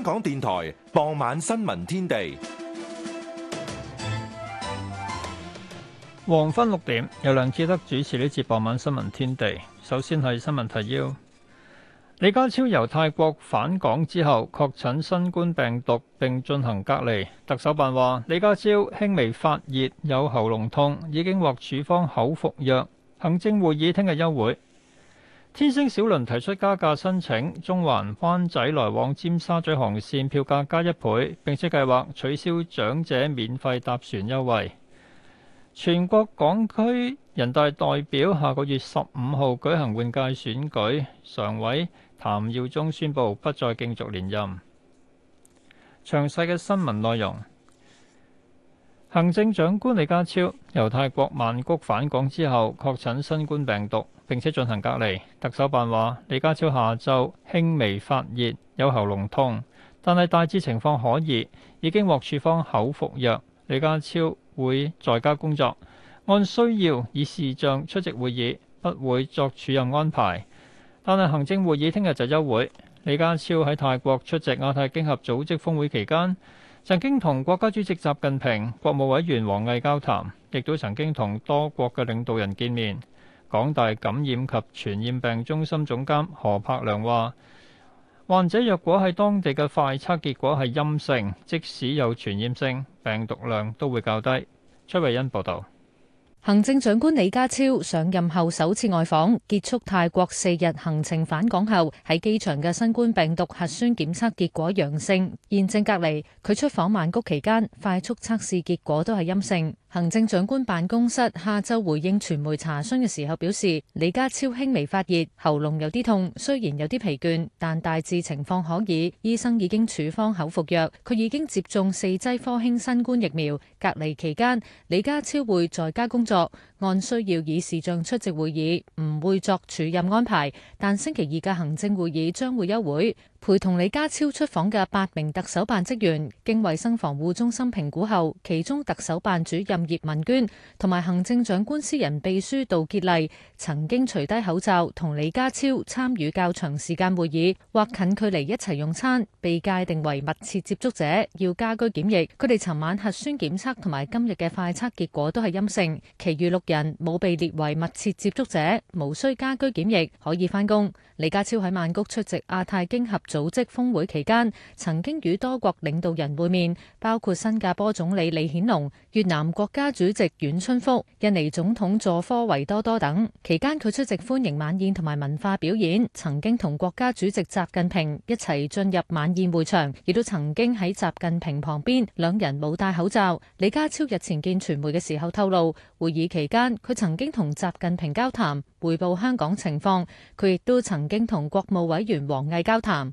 香港電台傍晚新聞天地，黃昏六點由梁志德主持呢次傍晚新聞天地。首先係新聞提要：李家超由泰國返港之後確診新冠病毒，並進行隔離。特首辦話，李家超輕微發熱，有喉嚨痛，已經獲處方口服藥。行政會議聽日休會。天星小輪提出加價申請，中環灣仔來往尖沙咀航線票價加一倍，並且計劃取消長者免費搭船優惠。全國港區人大代表下個月十五號舉行換屆選舉，常委譚耀宗宣布不再競逐連任。詳細嘅新聞內容。行政長官李家超由泰國曼谷返港之後，確診新冠病毒，並且進行隔離。特首辦話，李家超下晝輕微發熱，有喉嚨痛，但係大致情況可以，已經獲處方口服藥。李家超會在家工作，按需要以視像出席會議，不會作主任安排。但係行政會議聽日就休會。李家超喺泰國出席亞太經合組織峰會期間，曾經同國家主席習近平、國務委員王毅交談，亦都曾經同多國嘅領導人見面。港大感染及傳染病中心總監何柏良話，患者若果係當地嘅快測結果係陰性，即使有傳染性，病毒量都會較低。崔慧欣報導。行政長官李家超上任後首次外訪，結束泰國四日行程返港後，喺機場嘅新冠病毒核酸檢測結果陽性，現正隔離。佢出訪曼谷期間，快速測試結果都係陰性。行政長官辦公室下晝回應傳媒查詢嘅時候表示，李家超輕微發熱，喉嚨有啲痛，雖然有啲疲倦，但大致情況可以。醫生已經處方口服藥，佢已經接種四劑科興新冠疫苗。隔離期間，李家超會在家工作，按需要以視像出席會議，唔會作署任安排。但星期二嘅行政會議將會休會。陪同李家超出訪嘅八名特首辦職員，經衛生防護中心評估後，其中特首辦主任葉文娟同埋行政長官私人秘書杜杰麗，曾經除低口罩同李家超參與較長時間會議或近距離一齊用餐，被界定為密切接觸者，要家居檢疫。佢哋尋晚核酸檢測同埋今日嘅快測結果都係陰性，其餘六人冇被列為密切接觸者，無需家居檢疫，可以返工。李家超喺曼谷出席亞太經合組織峰會期間，曾經與多國領導人會面，包括新加坡總理李顯龍、越南國家主席阮春福、印尼總統佐科維多多等。期間，佢出席歡迎晚宴同埋文化表演，曾經同國家主席習近平一齊進入晚宴會場，亦都曾經喺習近平旁邊，兩人冇戴口罩。李家超日前見傳媒嘅時候透露，會議期間佢曾經同習近平交談。回報香港情況，佢亦都曾經同國務委員王毅交談。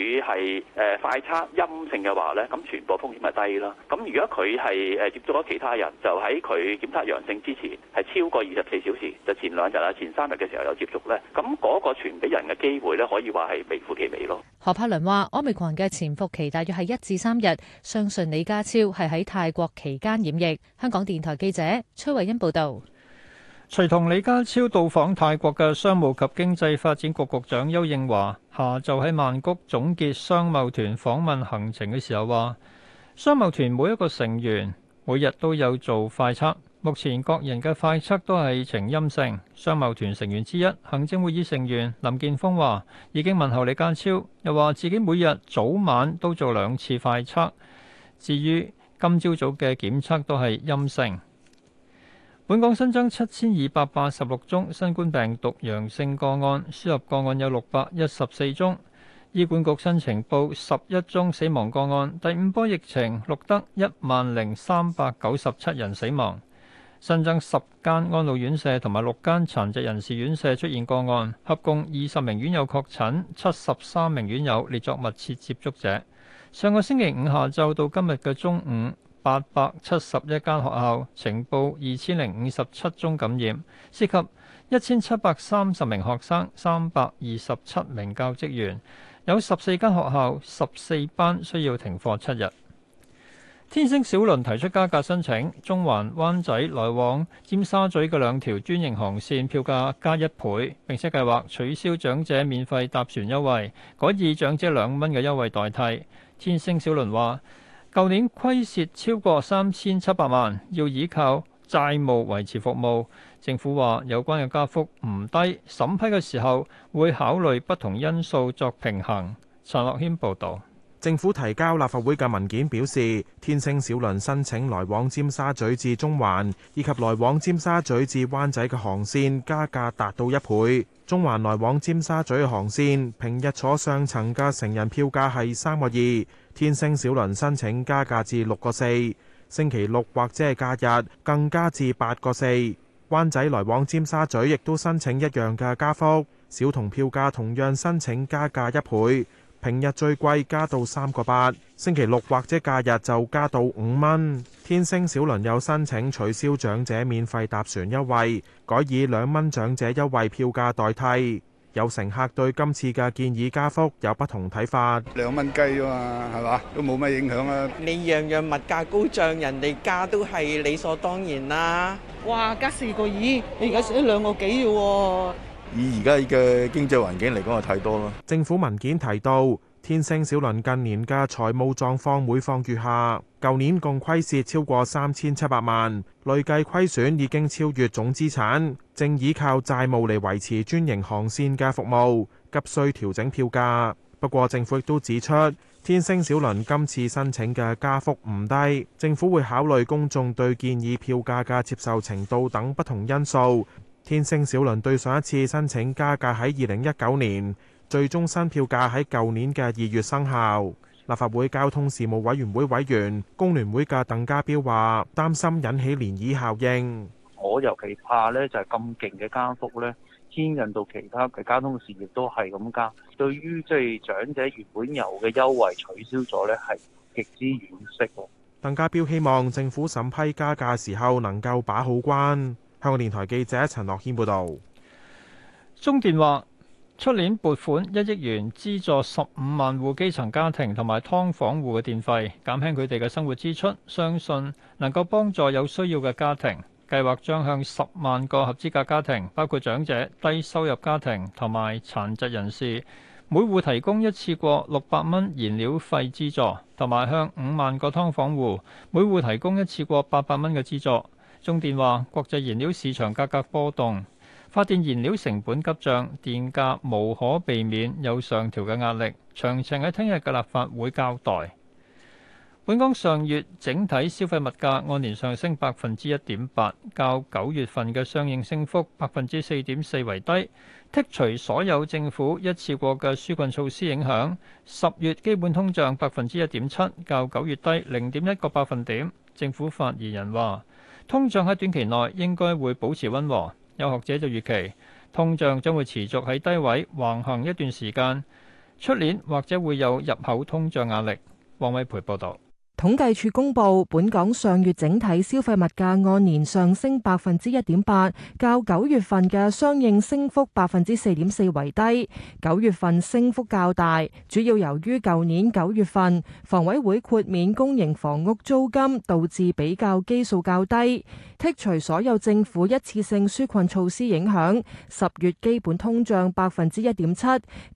佢係誒快測陰性嘅話咧，咁傳播風險咪低啦。咁如果佢係誒接觸咗其他人，就喺佢檢測陽性之前係超過二十四小時，就前兩日啦，前三日嘅時候有接觸咧，咁嗰個傳俾人嘅機會咧，可以話係微乎其微咯。何柏倫話：Omicron 嘅潛伏期大約係一至三日，相信李家超係喺泰國期間染疫。香港電台記者崔慧欣報道。隨同李家超到訪泰國嘅商務及經濟發展局局長邱應華，下晝喺曼谷總結商貿團訪問行程嘅時候話，商貿團每一個成員每日都有做快測，目前各人嘅快測都係呈陰性。商貿團成員之一行政會議成員林健鋒話，已經問候李家超，又話自己每日早晚都做兩次快測，至於今朝早嘅檢測都係陰性。本港新增七千二百八十六宗新冠病毒陽性個案，輸入個案有六百一十四宗。醫管局申請報十一宗死亡個案，第五波疫情錄得一萬零三百九十七人死亡。新增十間安老院舍同埋六間殘疾人士院舍出現個案，合共二十名院友確診，七十三名院友列作密切接觸者。上個星期五下晝到今日嘅中午，八百七十一間學校呈報二千零五十七宗感染，涉及一千七百三十名學生、三百二十七名教職員，有十四間學校、十四班需要停課七日。天星小輪提出加價申請，中環灣仔來往尖沙咀嘅兩條專營航線票價加一倍，並且計劃取消長者免費搭船優惠，改以長者兩蚊嘅優惠代替。天星小輪話：舊年虧蝕超過三千七百萬，要依靠債務維持服務。政府話有關嘅加幅唔低，審批嘅時候會考慮不同因素作平衡。陳樂軒報導。政府提交立法會嘅文件表示，天星小輪申請來往尖沙咀至中環以及來往尖沙咀至灣仔嘅航線加價達到一倍。中環來往尖沙咀嘅航線平日坐上層嘅成人票價係三個二。天星小輪申請加價至六個四，星期六或者係假日更加至八個四。灣仔來往尖沙咀亦都申請一樣嘅加幅，小童票價同樣申請加價一倍，平日最貴加到三個八，星期六或者假日就加到五蚊。天星小輪有申請取消長者免費搭船優惠，改以兩蚊長者優惠票價代替。有乘客對今次嘅建議加幅有不同睇法。兩蚊雞啊嘛，係嘛，都冇乜影響啊。你樣樣物價高漲，人哋加都係理所當然啦。哇，加四個二，你而家食咗兩個幾啫喎。以而家嘅經濟環境嚟講，係太多啦。政府文件提到。天星小輪近年嘅財務狀況每況愈下，舊年共虧蝕超過三千七百萬，累計虧損已經超越總資產，正依靠債務嚟維持專營航線嘅服務，急需調整票價。不過政府亦都指出，天星小輪今次申請嘅加幅唔低，政府會考慮公眾對建議票價嘅接受程度等不同因素。天星小輪對上一次申請加價喺二零一九年。最終新票價喺舊年嘅二月生效。立法會交通事務委員會委員工聯會嘅鄧家彪話，擔心引起漣漪效應。我尤其怕呢就係咁勁嘅加幅呢，牽引到其他嘅交通事業都係咁加。對於即係長者原本有嘅優惠取消咗呢，係極之惋惜。鄧家彪希望政府審批加價時候能夠把好關。香港電台記者陳樂軒報道。中電話。出年撥款一億元，資助十五萬戶基層家庭同埋劏房戶嘅電費，減輕佢哋嘅生活支出，相信能夠幫助有需要嘅家庭。計劃將向十萬個合資格家庭，包括長者、低收入家庭同埋殘疾人士，每戶提供一次過六百蚊燃料費資助，同埋向五萬個劏房戶每戶提供一次過八百蚊嘅資助。中電話國際燃料市場價格波動，發電燃料成本急漲，電價無可避免有上調嘅壓力。詳情喺聽日嘅立法會交代。本港上月整體消費物價按年上升百分之一點八，較九月份嘅相應升幅百分之四點四為低。剔除所有政府一次過嘅紓困措施影響，十月基本通脹百分之一點七，較九月低零點一個百分點。政府發言人話：通脹喺短期內應該會保持溫和。有學者就預期，通脹將會持續喺低位橫行一段時間，出年或者會有入口通脹壓力。黃偉培報道。統計處公布，本港上月整體消費物價按年上升百分之一點八，較九月份嘅相應升幅百分之四點四為低。九月份升幅較大，主要由於舊年九月份房委會豁免公營房屋租金，導致比較基數較低。剔除所有政府一次性紓困措施影響，十月基本通脹百分之一點七，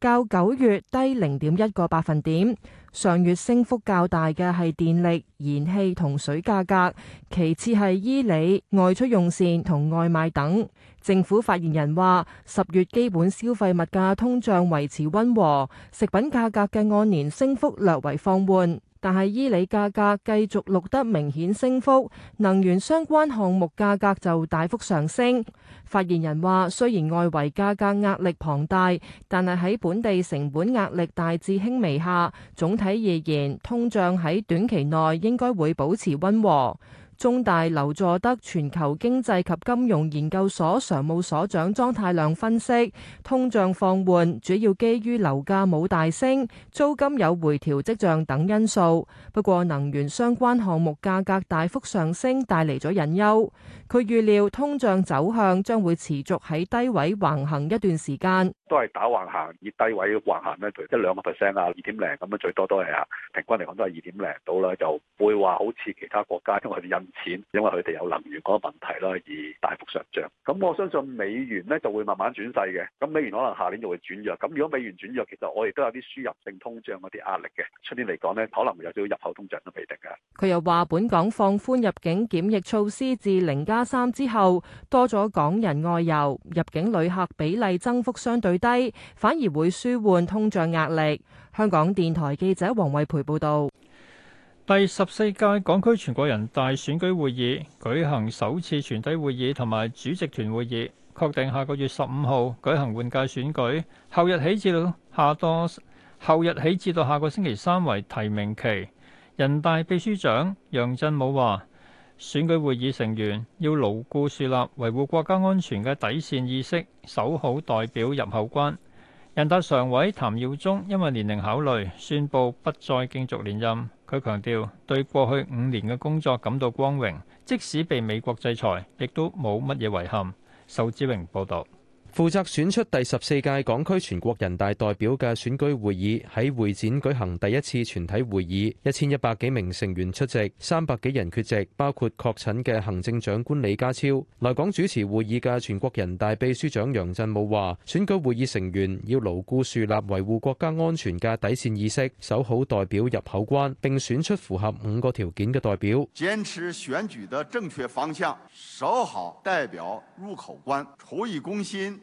較九月低零點一個百分點。上月升幅較大嘅係電力、燃氣同水價格，其次係衣履、外出用膳同外賣等。政府發言人話十月基本消費物價通脹維持溫和，食品價格嘅按年升幅略為放緩。但係，衣履價格繼續錄得明顯升幅，能源相關項目價格就大幅上升。發言人話：雖然外圍價格壓力龐大，但係喺本地成本壓力大致輕微下，總體而言，通脹喺短期內應該會保持溫和。中大劉佐德全球經濟及金融研究所常務所長莊太量分析，通脹放緩主要基於樓價冇大升、租金有回調跡象等因素，不過能源相關項目價格大幅上升，帶嚟咗隱憂。佢預料通脹走向將會持續喺低位橫行一段時間，都係打橫行，以低位橫行咧，即一兩個 percent 啊，二點零咁樣最多都係啊，平均嚟講都係二點零到啦，就唔會話好似其他國家，因為佢哋印錢，因為佢哋有能源嗰個問題啦，而大幅上漲。咁我相信美元咧就會慢慢轉勢嘅，咁美元可能下年就會轉弱。咁如果美元轉弱，其實我亦都有啲輸入性通脹嗰啲壓力嘅。出年嚟講咧，可能會有少少入口通脹都未定嘅。佢又話：本港放寬入境檢疫措施至零加三之後，多咗港人外遊，入境旅客比例增幅相對低，反而會舒緩通脹壓力。香港電台記者黃慧培報導。第十四屆港區全國人大選舉會議舉行首次全體會議同埋主席團會議，確定下個月十五號舉行換屆選舉。後日起至到下多後日起至到下個星期三為提名期。人大秘書長楊振武話。選舉會議成員要牢固樹立維護國家安全嘅底線意識，守好代表入口關。人大常委譚耀宗因為年齡考慮，宣布不再競逐連任。佢強調對過去五年嘅工作感到光榮，即使被美國制裁，亦都冇乜嘢遺憾。仇志榮報道。負責選出第十四屆港區全國人大代表嘅選舉會議喺會展舉行第一次全體會議，一千一百幾名成員出席，三百幾人缺席，包括確診嘅行政長官李家超。來港主持會議嘅全國人大秘書長楊振武話，選舉會議成員要牢固樹立維護國家安全嘅底線意識，守好代表入口關，並選出符合五個條件嘅代表。堅持選舉的正確方向，守好代表入口關，出以公心。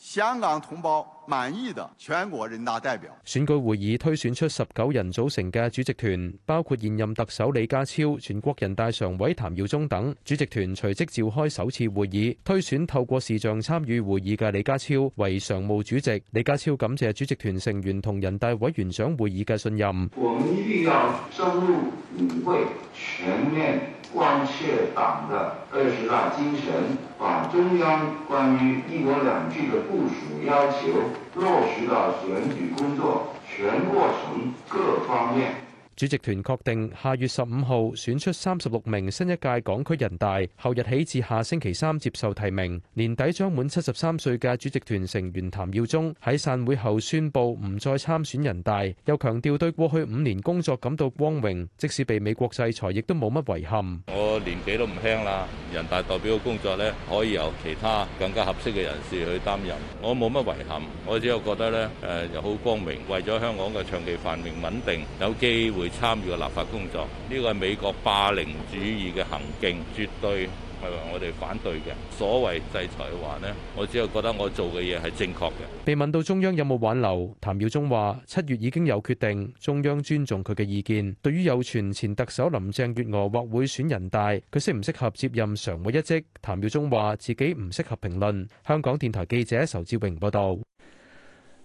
香港同胞滿意的全國人大代表選舉會議推選出十九人組成嘅主席團，包括現任特首李家超、全國人大常委譚耀宗等。主席團隨即召開首次會議，推選透過視像參與會議嘅李家超為常務主席。李家超感謝主席團成員同人大委員長會議嘅信任。貫徹黨的二十大精神，把中央關於“一國兩制”的部署要求落實到選舉工作全過程各方面。主席團確定下月十五號選出三十六名新一屆港區人大，後日起至下星期三接受提名。年底將滿七十三歲嘅主席團成員譚耀宗喺散會後宣布唔再參選人大，又強調對過去五年工作感到光榮，即使被美國制裁亦都冇乜遺憾。我年紀都唔輕啦，人大代表嘅工作呢可以由其他更加合適嘅人士去擔任。我冇乜遺憾，我只有覺得呢誒又好光榮，為咗香港嘅長期繁榮穩定有機會參與嘅立法工作，呢個係美國霸凌主義嘅行徑，絕對係我哋反對嘅。所謂制裁嘅話呢，我只係覺得我做嘅嘢係正確嘅。被問到中央有冇挽留，譚耀宗話：七月已經有決定，中央尊重佢嘅意見。對於有傳前特首林鄭月娥或會選人大，佢適唔適合接任常委一職，譚耀宗話自己唔適合評論。香港電台記者仇志榮報道。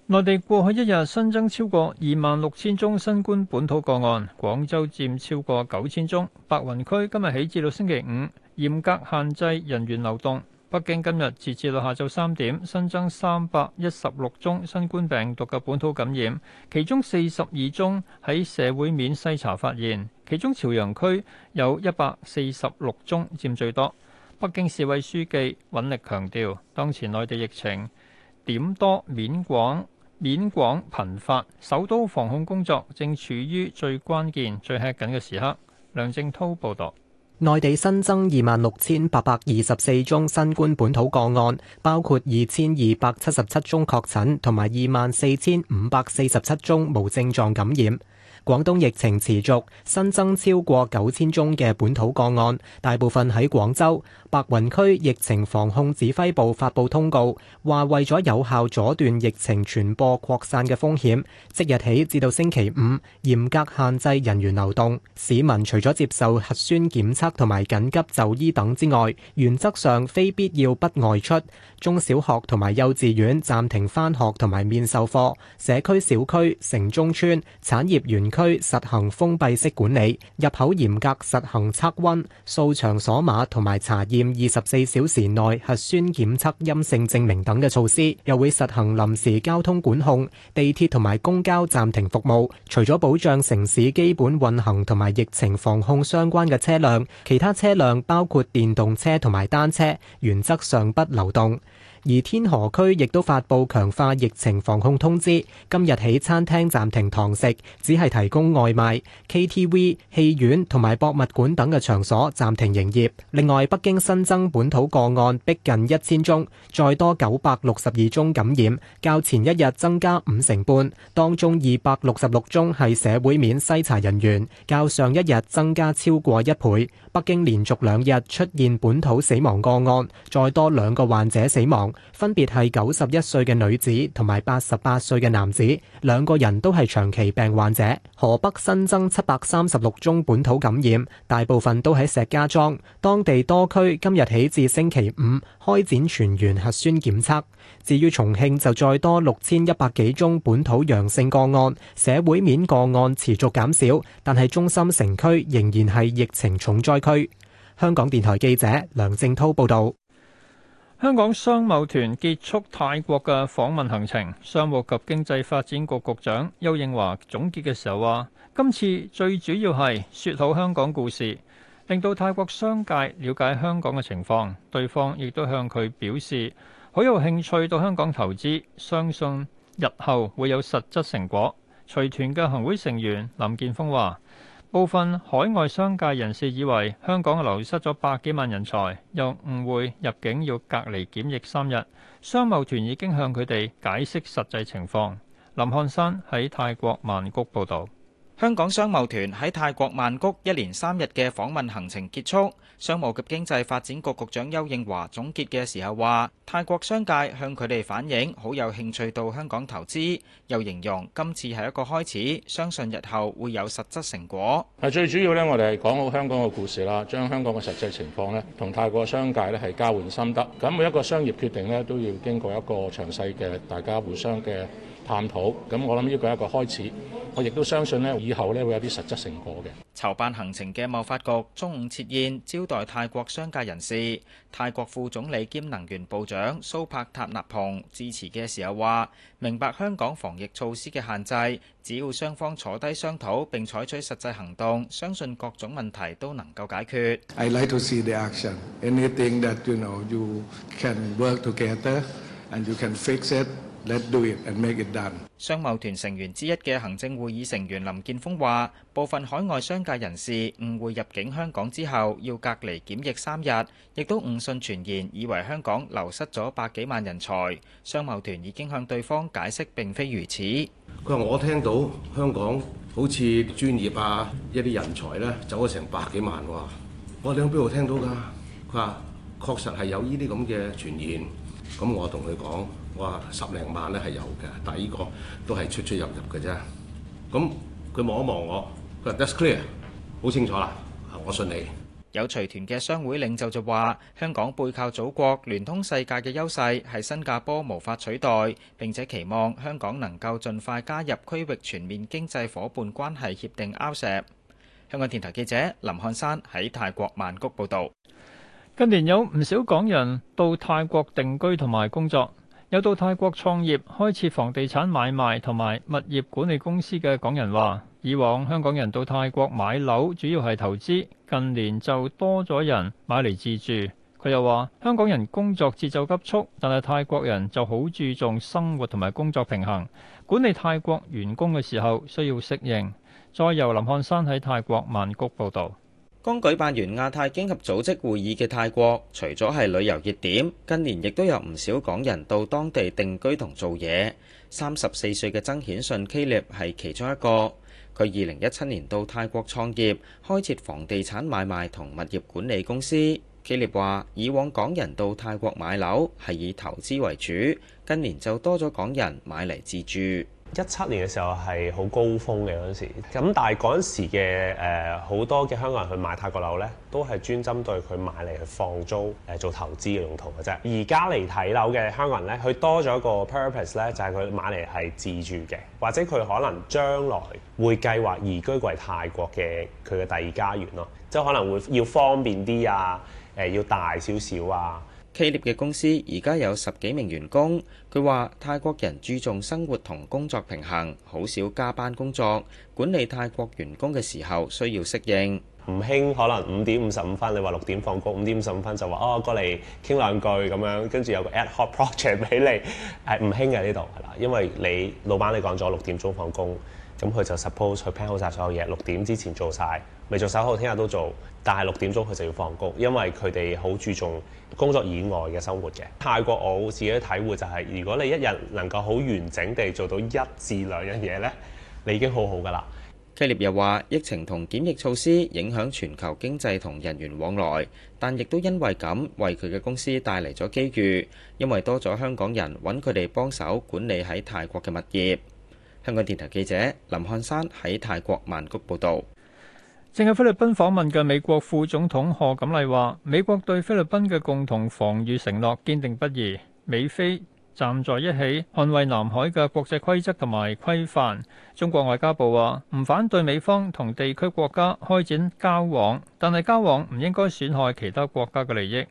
內地過去一日新增超過二萬六千宗新冠本土個案，廣州佔超過九千宗。白雲區今日起至到星期五嚴格限制人員流動。北京今日截至到下晝三點新增三百一十六宗新冠病毒嘅本土感染，其中四十二宗喺社會面篩查發現，其中朝陽區有一百四十六宗佔最多。北京市委書記尹力強調，當前內地疫情點多面廣。免廣頻發，首都防控工作正處於最關鍵、最吃緊嘅時刻。梁正濤報道：內地新增二萬六千八百二十四宗新冠本土個案，包括二千二百七十七宗確診，同埋二萬四千五百四十七宗無症狀感染。廣東疫情持續，新增超過九千宗嘅本土個案，大部分喺廣州白雲區。疫情防控指揮部發佈通告，話為咗有效阻斷疫情傳播擴散嘅風險，即日起至到星期五，嚴格限制人員流動。市民除咗接受核酸檢測同埋緊急就醫等之外，原則上非必要不外出。中小學同埋幼稚園暫停返學同埋面授課，社區、小區、城中村、產業園區實行封閉式管理，入口嚴格實行測溫、掃場所碼同埋查驗二十四小時內核酸檢測陰性證明等嘅措施。又會實行臨時交通管控，地鐵同埋公交暫停服務。除咗保障城市基本運行同埋疫情防控相關嘅車輛，其他車輛包括電動車同埋單車原則上不流動。而天河區亦都發布強化疫情防控通知，今日起餐廳暫停堂食，只係提供外賣；KTV、戲院同埋博物館等嘅場所暫停營業。另外，北京新增本土個案逼近一千宗，再多九百六十二宗感染，較前一日增加五成半。當中二百六十六宗係社會面篩查人員，較上一日增加超過一倍。北京連續兩日出現本土死亡個案，再多兩個患者死亡。分別係九十一歲嘅女子同埋八十八歲嘅男子，兩個人都係長期病患者。河北新增七百三十六宗本土感染，大部分都喺石家莊，當地多區今日起至星期五開展全員核酸檢測。至於重慶就再多六千一百幾宗本土陽性個案，社會面個案持續減少，但係中心城區仍然係疫情重災區。香港電台記者梁正滔報導。香港商貿團結束泰國嘅訪問行程，商務及經濟發展局局長丘應樺總結嘅時候話：今次最主要係説好香港故事，令到泰國商界了解香港嘅情況。對方亦都向佢表示好有興趣到香港投資，相信日後會有實質成果。隨團嘅行會成員林健鋒話。部分海外商界人士以為香港流失咗百幾萬人才，又誤會入境要隔離檢疫三日。商貿團已經向佢哋解釋實際情況。林漢山喺泰國曼谷報道。香港商貿團喺泰國曼谷一連三日嘅訪問行程結束，商務及經濟發展局局長丘應樺總結嘅時候話，泰國商界向佢哋反映好有興趣到香港投資，又形容今次係一個開始，相信日後會有實質成果。最主要呢，我哋係講好香港嘅故事啦，將香港嘅實際情況呢，同泰國商界呢係交換心得。咁每一個商業決定呢，都要經過一個詳細嘅大家互相嘅探討，咁我諗呢個係一個開始，我亦都相信呢，以後呢會有啲實質成果嘅。籌辦行程嘅貿發局中午設宴招待泰國商界人士，泰國副總理兼能源部長蘇柏塔納蓬致辭嘅時候話：明白香港防疫措施嘅限制，只要雙方坐低商討並採取實際行動，相信各種問題都能夠解決。Let's do it and make it done。商貿團成員之一嘅行政會議成員林健鋒話，部分海外商界人士誤會入境香港之後要隔離檢疫三日，亦都誤信傳言，以為香港流失咗百幾萬人才。商貿團已經向對方解釋並非如此。佢話：我聽到香港好似專業啊，一啲人才咧走咗成百幾萬喎。我喺邊度聽到㗎？佢話確實係有呢啲咁嘅傳言。咁我同佢講。哇！十零萬咧係有嘅，但係呢個都係出出入入嘅啫。咁佢望一望我，佢話：That's clear，好清楚啦。我信你。有隨團嘅商會領袖就話：香港背靠祖國，聯通世界嘅優勢係新加坡無法取代。並且期望香港能夠盡快加入區域全面經濟夥伴關係協定 （RCEP）。香港電台記者林漢山喺泰國曼谷報導。近年有唔少港人到泰國定居同埋工作。有到泰國創業開設房地產買賣同埋物業管理公司嘅港人話，以往香港人到泰國買樓主要係投資，近年就多咗人買嚟自住。佢又話香港人工作節奏急促，但係泰國人就好注重生活同埋工作平衡。管理泰國員工嘅時候需要適應，再由林漢山喺泰國曼谷報道。剛舉辦完亞太經合組織會議嘅泰國，除咗係旅遊熱點，近年亦都有唔少港人到當地定居同做嘢。三十四歲嘅曾顯信基烈係其中一個。佢二零一七年到泰國創業，開設房地產買賣同物業管理公司。基烈話：以往港人到泰國買樓係以投資為主，近年就多咗港人買嚟自住。一七年嘅時候係好高峰嘅嗰陣時，咁但係嗰陣時嘅誒好多嘅香港人去買泰國樓咧，都係專針對佢買嚟去放租誒做投資嘅用途嘅啫。而家嚟睇樓嘅香港人咧，佢多咗個 purpose 咧，就係、是、佢買嚟係自住嘅，或者佢可能將來會計劃移居過泰國嘅佢嘅第二家園咯，即係可能會要方便啲啊，誒、呃、要大少少啊。企鵝嘅公司而家有十幾名員工，佢話泰國人注重生活同工作平衡，好少加班工作。管理泰國員工嘅時候需要適應。唔興可能五點五十五分，你話六點放工，五點五十五分就話哦過嚟傾兩句咁樣，跟住有個 ad hoc project 俾你，係唔興嘅呢度，係啦，因為你老闆你講咗六點鐘放工。咁佢就 suppose 佢 plan 好晒所有嘢，六點之前做晒，未做手好，聽日都做。但係六點鐘佢就要放工，因為佢哋好注重工作以外嘅生活嘅。泰國我自己體會就係，是，如果你一日能夠好完整地做到一至兩樣嘢呢，你已經好好噶啦。Kelly 又話，疫情同檢疫措施影響全球經濟同人員往來，但亦都因為咁為佢嘅公司帶嚟咗機遇，因為多咗香港人揾佢哋幫手管理喺泰國嘅物業。香港電台記者林漢山喺泰國曼谷報道。正喺菲律賓訪問嘅美國副總統賀錦麗話，美國對菲律賓嘅共同防禦承諾堅定不移，美菲站在一起捍衛南海嘅國際規則同埋規範。中國外交部話唔反對美方同地區國家開展交往，但係交往唔應該損害其他國家嘅利益。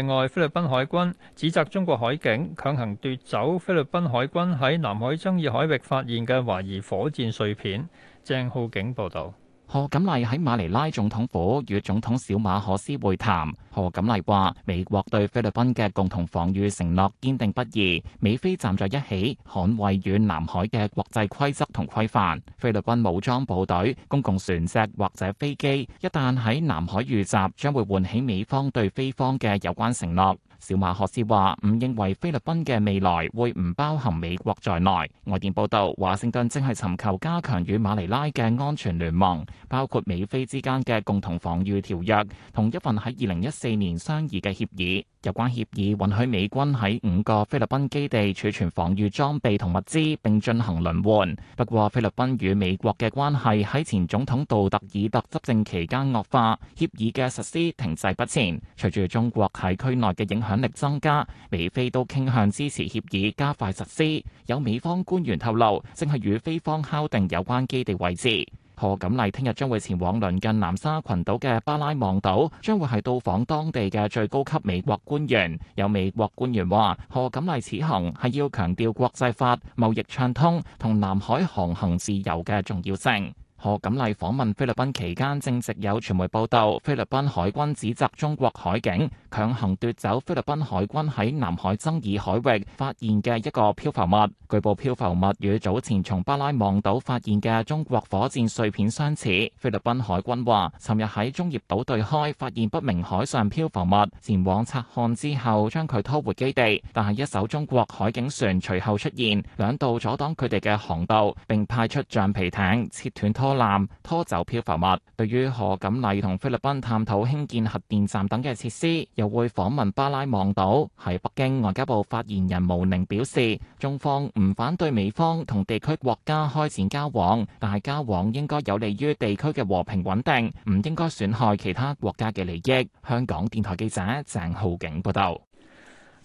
另外，菲律賓海軍指責中國海警強行奪走菲律賓海軍喺南海爭議海域發現嘅懷疑火箭碎片。鄭浩景報導。何錦麗喺馬尼拉總統府與總統小馬可斯會談。賀錦麗話：美國對菲律賓嘅共同防禦承諾堅定不移，美菲站在一起捍衛於南海嘅國際規則同規範。菲律賓武裝部隊、公共船隻或者飛機一旦喺南海遇襲，將會喚起美方對菲方嘅有關承諾。小馬學士話：唔認為菲律賓嘅未來會唔包含美國在內。外電報導，華盛頓正係尋求加強與馬尼拉嘅安全聯盟，包括美菲之間嘅共同防禦條約，同一份喺二零一四年商議嘅協議。有關協議允許美軍喺五個菲律賓基地儲存防御裝備同物資，並進行輪換。不過，菲律賓與美國嘅關係喺前總統杜特爾特執政期間惡化，協議嘅實施停滯不前。隨住中國喺區內嘅影響力增加，美菲都傾向支持協議加快實施。有美方官員透露，正係與菲方敲定有關基地位置。何錦麗聽日將會前往鄰近南沙群島嘅巴拉望島，將會係到訪當地嘅最高級美國官員。有美國官員話何錦麗此行係要強調國際法、貿易暢通同南海航行自由嘅重要性。何錦麗訪問菲律賓期間，正值有傳媒報道，菲律賓海軍指責中國海警強行奪走菲律賓海軍喺南海爭議海域發現嘅一個漂浮物。據報漂浮物與早前從巴拉望島發現嘅中國火箭碎片相似。菲律賓海軍話，尋日喺中業島對開發現不明海上漂浮物，前往察看之後將佢拖回基地，但係一艘中國海警船隨後出現，兩度阻擋佢哋嘅航道，並派出橡皮艇切斷拖。拖艦拖走漂浮物，對於賀錦麗同菲律賓探討興建核電站等嘅設施，又會訪問巴拉望島。喺北京外交部發言人毛寧表示，中方唔反對美方同地區國家開展交往，但係交往應該有利於地區嘅和平穩定，唔應該損害其他國家嘅利益。香港電台記者鄭浩景報道。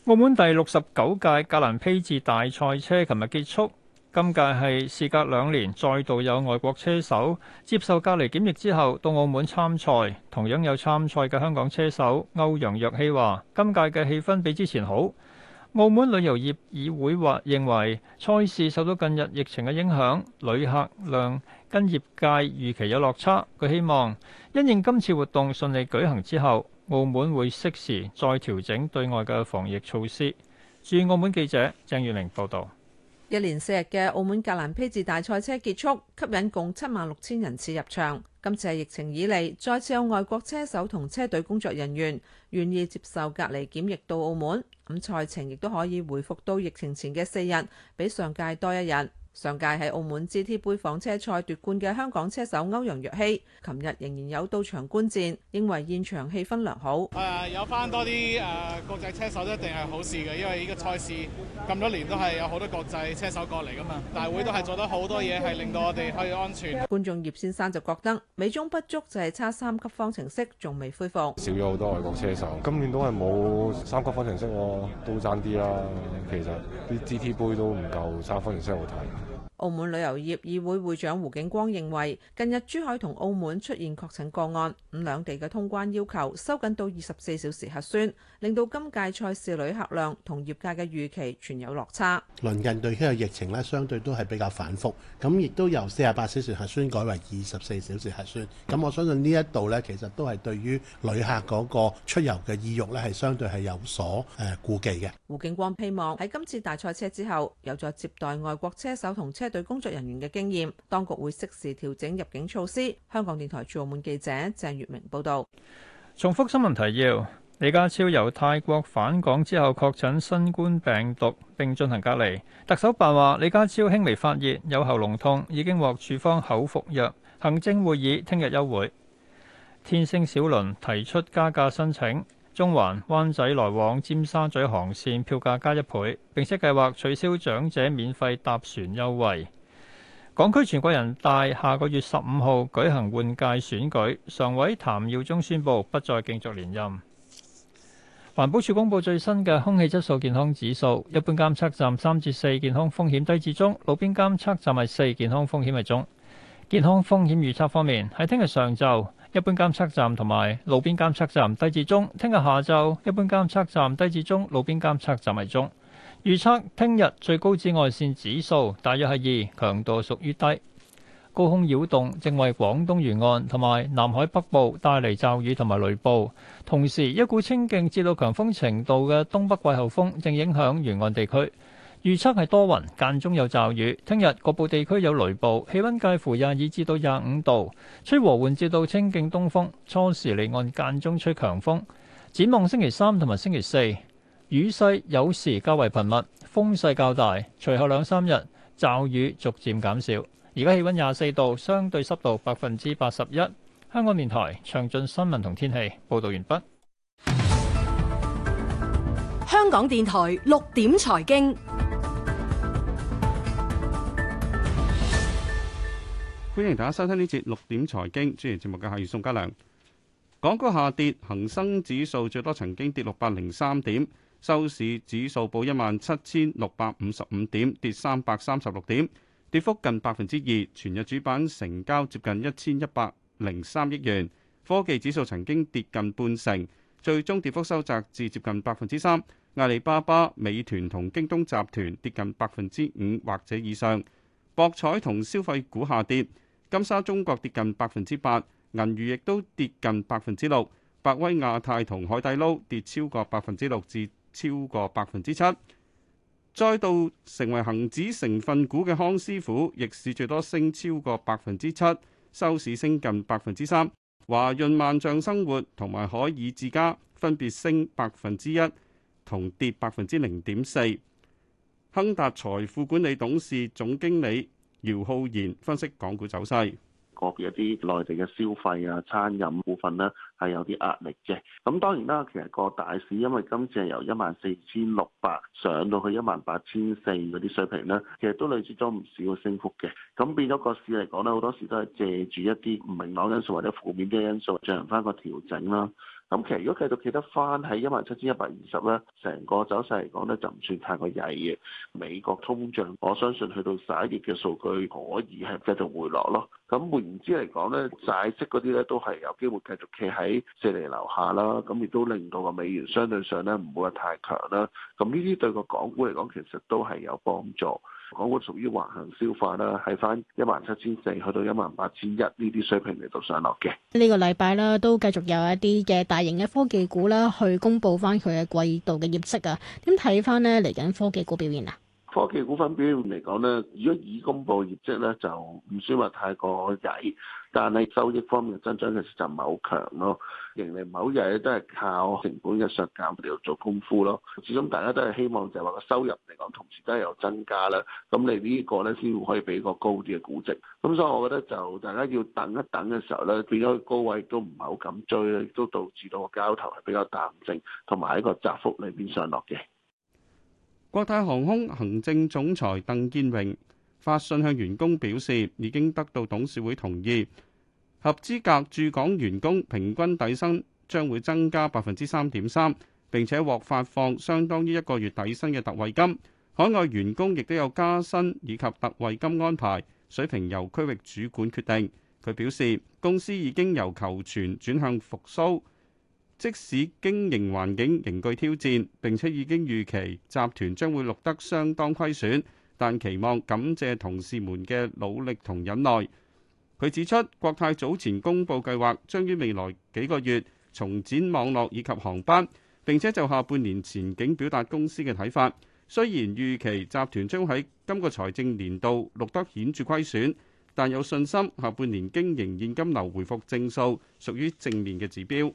澳門第六十九屆格蘭披治大賽車琴日結束。今屆係事隔兩年，再度有外國車手接受隔離檢疫之後到澳門參賽，同樣有參賽嘅香港車手歐陽若曦話：今屆嘅氣氛比之前好。澳門旅遊業議會或認為賽事受到近日疫情嘅影響，旅客量跟業界預期有落差。佢希望因應今次活動順利舉行之後，澳門會適時再調整對外嘅防疫措施。駐澳門記者鄭月玲報道。一連四日嘅澳門格蘭披治大賽車結束，吸引共七萬六千人次入場。今次係疫情以嚟，再次有外國車手同車隊工作人員願意接受隔離檢疫到澳門，咁賽程亦都可以回復到疫情前嘅四日，比上屆多一日。上屆喺澳門 GT 杯房車賽奪冠嘅香港車手歐陽若曦，琴日仍然有到場觀戰，認為現場氣氛良好。誒、啊，有翻多啲誒、啊、國際車手一定係好事嘅，因為呢個賽事咁多年都係有好多國際車手過嚟噶嘛。大會都係做得好多嘢，係令到我哋可以安全。觀眾葉先生就覺得美中不足就係差三級方程式仲未恢復，少咗好多外國車手。今年都係冇三級方程式，都爭啲啦。其實啲 GT 杯都唔夠差方程式好睇。澳門旅遊業議會會長胡景光認為，近日珠海同澳門出現確診個案，咁兩地嘅通關要求收緊到二十四小時核酸，令到今屆賽事旅客量同業界嘅預期存有落差。鄰近對呢個疫情呢，相對都係比較反覆，咁亦都由四十八小時核酸改為二十四小時核酸，咁我相信呢一度呢，其實都係對於旅客嗰個出遊嘅意欲呢，係相對係有所誒顧忌嘅。胡景光希望喺今次大賽車之後，有助接待外國車手同車。對工作人員嘅經驗，當局會適時調整入境措施。香港電台駐澳門記者鄭月明報道。重複新聞提要：李家超由泰國返港之後確診新冠病毒，並進行隔離。特首辦話李家超輕微發熱、有喉嚨痛，已經獲處方口服藥。行政會議聽日休會。天星小輪提出加價申請。中環、灣仔來往尖沙咀航線票價加一倍，並且計劃取消長者免費搭船優惠。港區全國人大下個月十五號舉行換屆選舉，常委譚耀宗宣布不再競逐連任。環保署公布最新嘅空氣質素健康指數，一般監測站三至四健康風險低至中，路邊監測站係四健康風險係中。健康風險預測方面，喺聽日上晝。一般監測站同埋路邊監測站低至中，聽日下晝一般監測站低至中，路邊監測站係中。預測聽日最高紫外線指數大約係二，強度屬於低。高空擾動正為廣東沿岸同埋南海北部帶嚟驟雨同埋雷暴，同時一股清勁至到強風程度嘅東北季候風正影響沿岸地區。預測係多雲，間中有驟雨。聽日局部地區有雷暴，氣溫介乎廿二至到廿五度，吹和緩至到清勁東風，初時離岸間中吹強風。展望星期三同埋星期四，雨勢有時較為頻密，風勢較大。隨後兩三日驟雨逐漸減少。而家氣溫廿四度，相對濕度百分之八十一。香港電台詳盡新聞同天氣報道完畢。香港電台六點財經。歡迎大家收聽呢節六點財經，主持節目嘅係宋家良。港股下跌，恒生指數最多曾經跌六百零三點，收市指數報一萬七千六百五十五點，跌三百三十六點，跌幅近百分之二。全日主板成交接近一千一百零三億元。科技指數曾經跌近半成，最終跌幅收窄至接近百分之三。阿里巴巴、美團同京東集團跌近百分之五或者以上。博彩同消費股下跌。金沙中國跌近百分之八，銀娛亦都跌近百分之六，百威亞太同海底撈跌超過百分之六至超過百分之七。再度成為恒指成分股嘅康師傅，逆市最多升超過百分之七，收市升近百分之三。華潤萬象生活同埋海爾智家分別升百分之一同跌百分之零點四。亨達財富管理董事總經理。姚浩然分析港股走勢，個別一啲內地嘅消費啊、餐飲股份呢，係有啲壓力嘅。咁當然啦,其實個大市因為今次係由一萬四千六百上到去一萬八千四嗰啲水平呢，其實都累積咗唔少嘅升幅嘅。咁變咗個市嚟講呢，好多時都係借住一啲唔明朗因素或者負面嘅因素進行翻個調整啦。咁其實如果繼續企得翻喺一萬七千一百二十咧，成個走勢嚟講咧就唔算太過曳嘅。美國通脹我相信去到十一月嘅數據可以係繼續回落咯。咁換言之嚟講咧，債息嗰啲咧都係有機會繼續企喺四厘樓下啦。咁亦都令到個美元相對上咧唔會話太強啦。咁呢啲對個港股嚟講其實都係有幫助。港股屬於橫行消化啦，喺翻一萬七千四去到一萬八千一呢啲水平嚟到上落嘅。個呢個禮拜啦，都繼續有一啲嘅大型嘅科技股啦，去公布翻佢嘅季度嘅業績啊。點睇翻呢？嚟緊科技股表現啊？科技股份表現嚟講咧，如果以公布業績咧，就唔算話太過曳，但係收益方面嘅增長其實就唔係好強咯。盈利唔係好曳，都係靠成本嘅削減嚟到做功夫咯。始終大家都係希望就係話個收入嚟講，同時都係有增加啦。咁你呢個咧先可以俾個高啲嘅估值。咁所以，我覺得就大家要等一等嘅時候咧，變咗高位都唔係好敢追，亦都導致到個交投係比較淡靜，同埋喺個窄幅裏邊上落嘅。國泰航空行政總裁鄧健榮發信向員工表示，已經得到董事會同意，合資格駐港員工平均底薪將會增加百分之三點三，並且獲發放相當於一個月底薪嘅特惠金。海外員工亦都有加薪以及特惠金安排，水平由區域主管決定。佢表示，公司已經由求存轉向復蘇。即使經營環境仍具挑戰，並且已經預期集團將會錄得相當虧損，但期望感謝同事們嘅努力同忍耐。佢指出，國泰早前公布計劃，將於未來幾個月重展網絡以及航班，並且就下半年前景表達公司嘅睇法。雖然預期集團將喺今個財政年度錄得顯著虧損，但有信心下半年經營現金流回復正數，屬於正面嘅指標。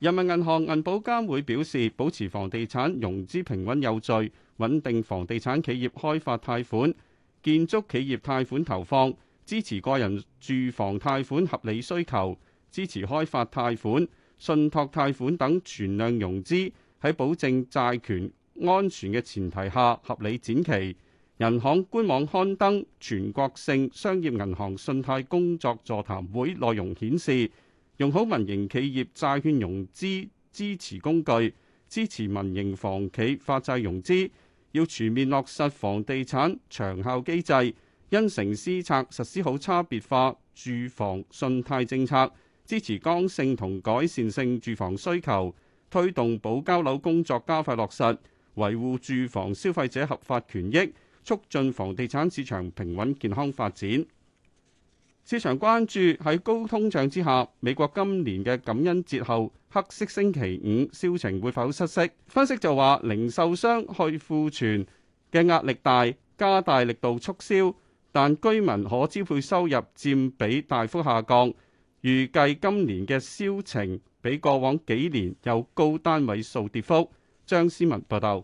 人民銀行銀保監會表示，保持房地產融資平穩有序，穩定房地產企業開發貸款、建築企業貸款投放，支持個人住房貸款合理需求，支持開發貸款、信託貸款等存量融資，喺保證債權安全嘅前提下合理展期。人行官網刊登全國性商業銀行信貸工作座談會內容顯示，用好民營企業債券融資支持工具，支持民營房企發債融資。要全面落實房地產長效機制，因城施策，實施好差別化住房信貸政策，支持剛性同改善性住房需求，推動保交樓工作加快落實，維護住房消費者合法權益，促進房地產市場平穩健康發展。市場關注喺高通脹之下，美國今年嘅感恩節後黑色星期五銷情會否失色？分析就話零售商去庫存嘅壓力大，加大力度促銷，但居民可支配收入佔比大幅下降，預計今年嘅銷情比過往幾年有高單位數跌幅。張思文報道，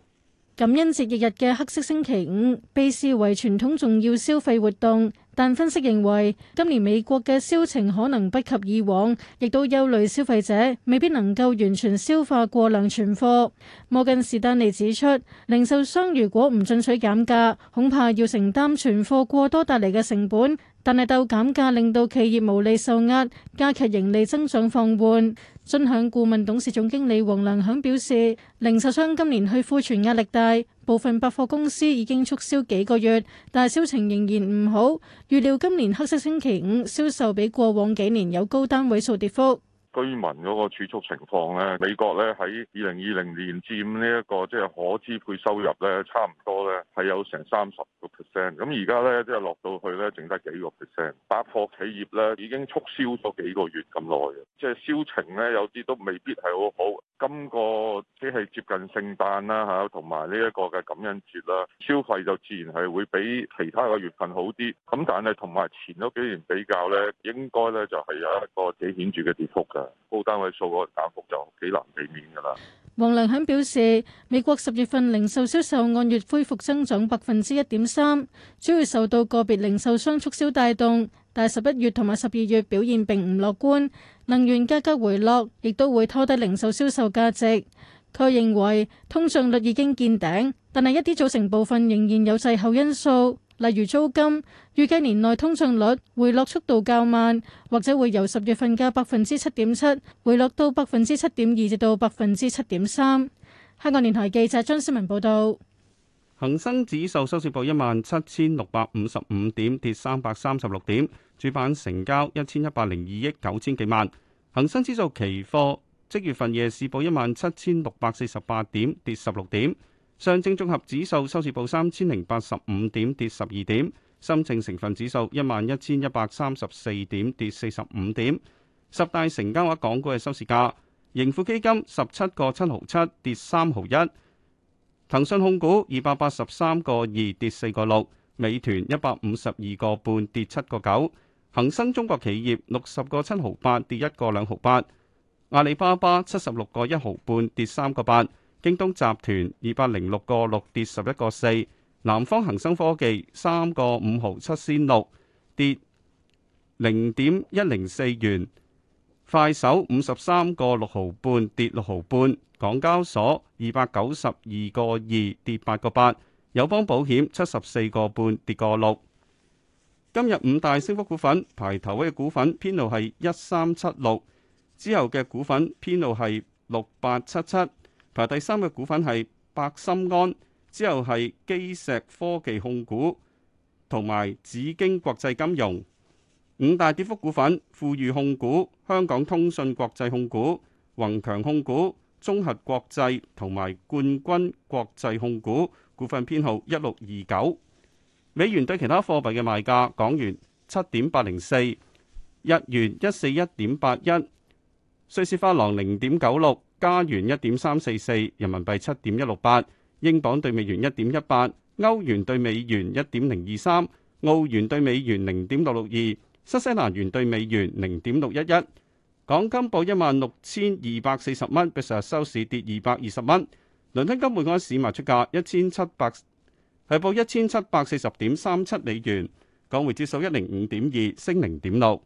感恩節翌日嘅黑色星期五被視為傳統重要消費活動。但分析認為，今年美國嘅銷情可能不及以往，亦都憂慮消費者未必能夠完全消化過量存貨。摩根士丹利指出，零售商如果唔進取減價，恐怕要承擔存貨過多帶嚟嘅成本；但係鬥減價令到企業無利受壓，加劇盈利增長放緩。尊享顧問董事總經理王良響表示，零售商今年去庫存壓力大，部分百貨公司已經促銷幾個月，但銷情仍然唔好。預料今年黑色星期五銷售比過往幾年有高單位數跌幅。居民嗰個儲蓄情況咧，美國咧喺二零二零年佔呢一個即係可支配收入咧，差唔多咧係有成三十個 percent。咁而家咧即係落到去咧，剩得幾個 percent。百貨企業咧已經促銷咗幾個月咁耐嘅，即係銷情咧有啲都未必係好好。今個即係接近聖誕啦嚇，同埋呢一個嘅感恩節啦，消費就自然係會比其他個月份好啲。咁但係同埋前嗰幾年比較咧，應該咧就係有一個幾顯著嘅跌幅㗎。高單位數個減幅就幾難避免噶啦。王良享表示，美國十月份零售銷售按月恢復增長百分之一點三，主要受到個別零售商促銷帶動，但係十一月同埋十二月表現並唔樂觀。能源價格回落亦都會拖低零售銷售價值。佢認為通脹率已經見頂，但係一啲組成部分仍然有滯後因素。例如租金預計年內通脹率回落速度較慢，或者會由十月份嘅百分之七點七回落到百分之七點二，至到百分之七點三。香港電台記者張思文報道。恒生指數收市報一萬七千六百五十五點，跌三百三十六點。主板成交一千一百零二億九千幾萬。恒生指數期貨即月份夜市報一萬七千六百四十八點，跌十六點。上證綜合指數收市報三千零八十五點，跌十二點。深證成分指數一萬一千一百三十四點，跌四十五點。十大成交額港股嘅收市價：盈富基金十七個七毫七，跌三毫一；騰訊控股二百八十三個二，跌四個六；美團一百五十二個半，跌七個九；恒生中國企業六十個七毫八，跌一個兩毫八；阿里巴巴七十六個一毫半，跌三個八。京東集團二百零六個六跌十一個四，南方恒生科技三個五毫七仙六跌零點一零四元，快手五十三個六毫半跌六毫半，港交所二百九十二個二跌八個八，友邦保險七十四個半跌個六。今日五大升幅股份排頭位嘅股份編號係一三七六，之後嘅股份編號係六八七七。排第三嘅股份係百心安，之後係基石科技控股，同埋紫荊國際金融。五大跌幅股份：富裕控股、香港通訊國際控股、宏強控股、中核國際同埋冠軍國際控股。股份編號一六二九。美元對其他貨幣嘅賣價：港元七點八零四，日元一四一點八一，瑞士法郎零點九六。加元一點三四四，4, 人民幣七點一六八，英鎊對美元一點一八，歐元對美元一點零二三，澳元對美元零點六六二，新西蘭元對美元零點六一一。港金報一萬六千二百四十蚊，比上日收市跌二百二十蚊。倫敦金每盎司賣出價一千七百，係報一千七百四十點三七美元，港匯指數一零五點二升零點六。